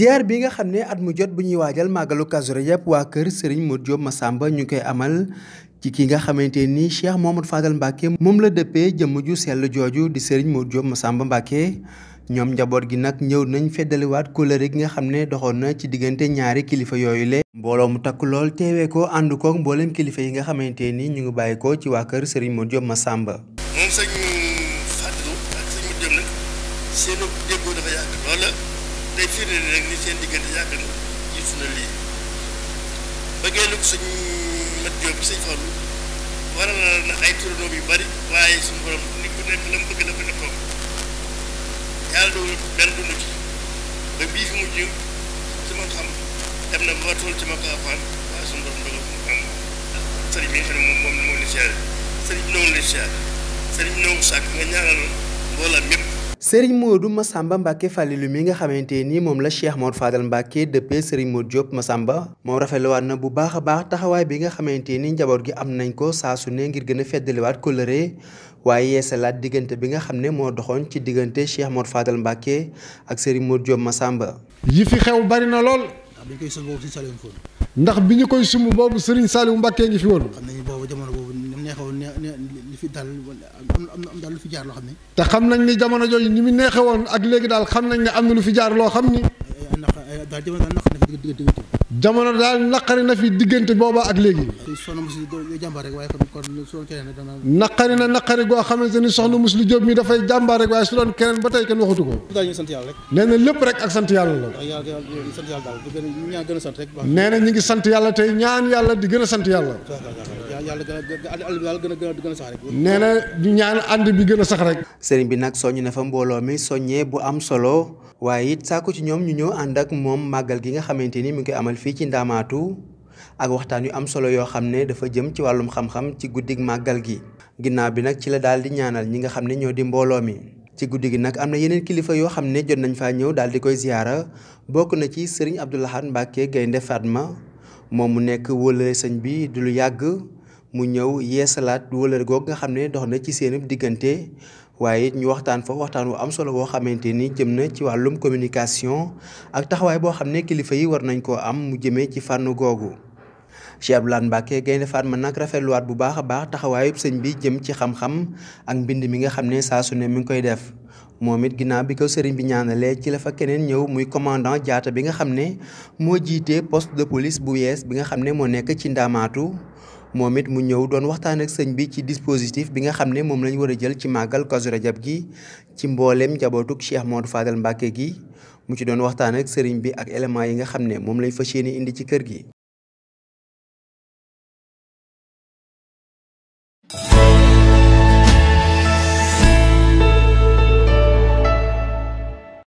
ziar bi nga xam ne at mu jot bu ñuy waajal màggalu Kazu Rajab waa kër Serigne Modou Diop Massamba ñu koy amal ci ki nga xamante ni Cheikh Mohamed Fadal Mbacke moom la dëppee jëmm ju sell jooju di Serigne Modou Diop sàmba Mbacke ñoom njaboot gi nag ñëw nañ feddaliwaat kóllëre gi nga xam ne doxoon na ci diggante ñaari kilifa yooyu le mbooloo mu takk lool teewee ko ànd kook mbooleem kilifa yi nga xamante nii ñu ngi bàyyi ko ci waa kër Serigne Modou Diop Massamba. day firnde rek ni seen diggante yàgg na jiitu na lii bëggee lu ko sëñ mat Jóob bi sëñ Fallu waral na ay turandoom yu bari waaye suñu borom ni ku nekk la mu bëgg la ko nekkoon yàlla doolu benn dund ci ba bii fi mujj sama xam dem na ba tool ci ma ko waaye suñu borom nga xam ne moom sëriñ Modou Massamba Mbacke Falilou mi nga xamante ni moom la Cheikh Mor Fadal Mbacke dëppee sëriñ Modou Diop Massamba moom rafetluwaat na bu baax a baax taxawaay bi nga xamante ni njaboot gi am nañ ko saasu ne ngir gën a feddaliwaat kóllëre waaye yeesalaat diggante bi nga xam ne moo doxoon ci diggante Cheikh Mor Fadal Mbacke ak sëriñ Modou ma sàmba yi fi xew bari na lool. ndax bi ñu koy sumb boobu sëriñ Saliou Mbacke ngi fi woon. xam nañu boobu jamono fi dal wala am na am daal fi jaar loo xam ne. te xam nañ ni jamono jooju ni mu neexe woon ak léegi daal xam nañ ne am na lu fi jaar loo xam ni. ay ay ndax daal jamono daal naq na jamono daal naqari na fi diggante booba ak léegi. naqari na naqari goo xamante ni soxna Mously Diop mi dafay jàmbaar rek waaye su doon keneen ba tey kenn waxatu ko. nee lépp rek ak sant yàlla la. nee ñaan a ànd bi gën a sax rek. sëriñ bi nag soññ na fa mbooloo mi soññee bu am solo waaye it sàkku ci ñoom ñu ñëw ànd ak moom màggal gi nga xamante ni mu ngi amal fii ci Ndaamaatu ak waxtaan yu am solo yoo xam ne dafa jëm ci wàllum xam-xam ci guddig màggal gi ginnaaw bi nag ci la daal di ñaanal ñi nga xam ne ñoo di mbooloo mi ci guddi gi nag am na yeneen kilifa yoo xam ne jot nañu faa ñëw daal di koy ziyaara bokk na ci sëriñ Abdou Lahad Mbacke Gaynde Fatma moom mu nekk wëlëre sëñ bi du lu yàgg mu ñëw yeesalaat wëlëre googu nga xam ne dox na ci seen diggante waaye ñu waxtaan fa waxtaan wu am solo boo xamante ni jëm na ci wàllum communication ak taxawaay boo xam ne kilifa yi war nañ koo am mu jëmee ci fànn googu. Cheikh Abdoulaye Mbacke Gaynde ma nag rafetluwaat bu baax a baax taxawaayub sëñ bi jëm ci xam-xam ak mbind mi nga xam ne saa su ne mi ngi koy def. moom it ginnaaw bi ko sëriñ bi ñaanale ci la fa keneen ñëw muy commandant jaata bi nga xam ne moo jiite poste de police bu yees bi nga xam ne moo nekk ci ndaamaatu moom it mu ñëw doon waxtaan ak sëñ bi ci dispositif bi nga xam ne moom lañ war a jël ci màggal Kazu Rajab gi ci mbooleem njabootug Cheikh Modou Fadel Mbacke gi mu ci doon waxtaan ak sëriñ bi ak éléments yi nga xam ne moom lañ fas ni indi ci kër gi.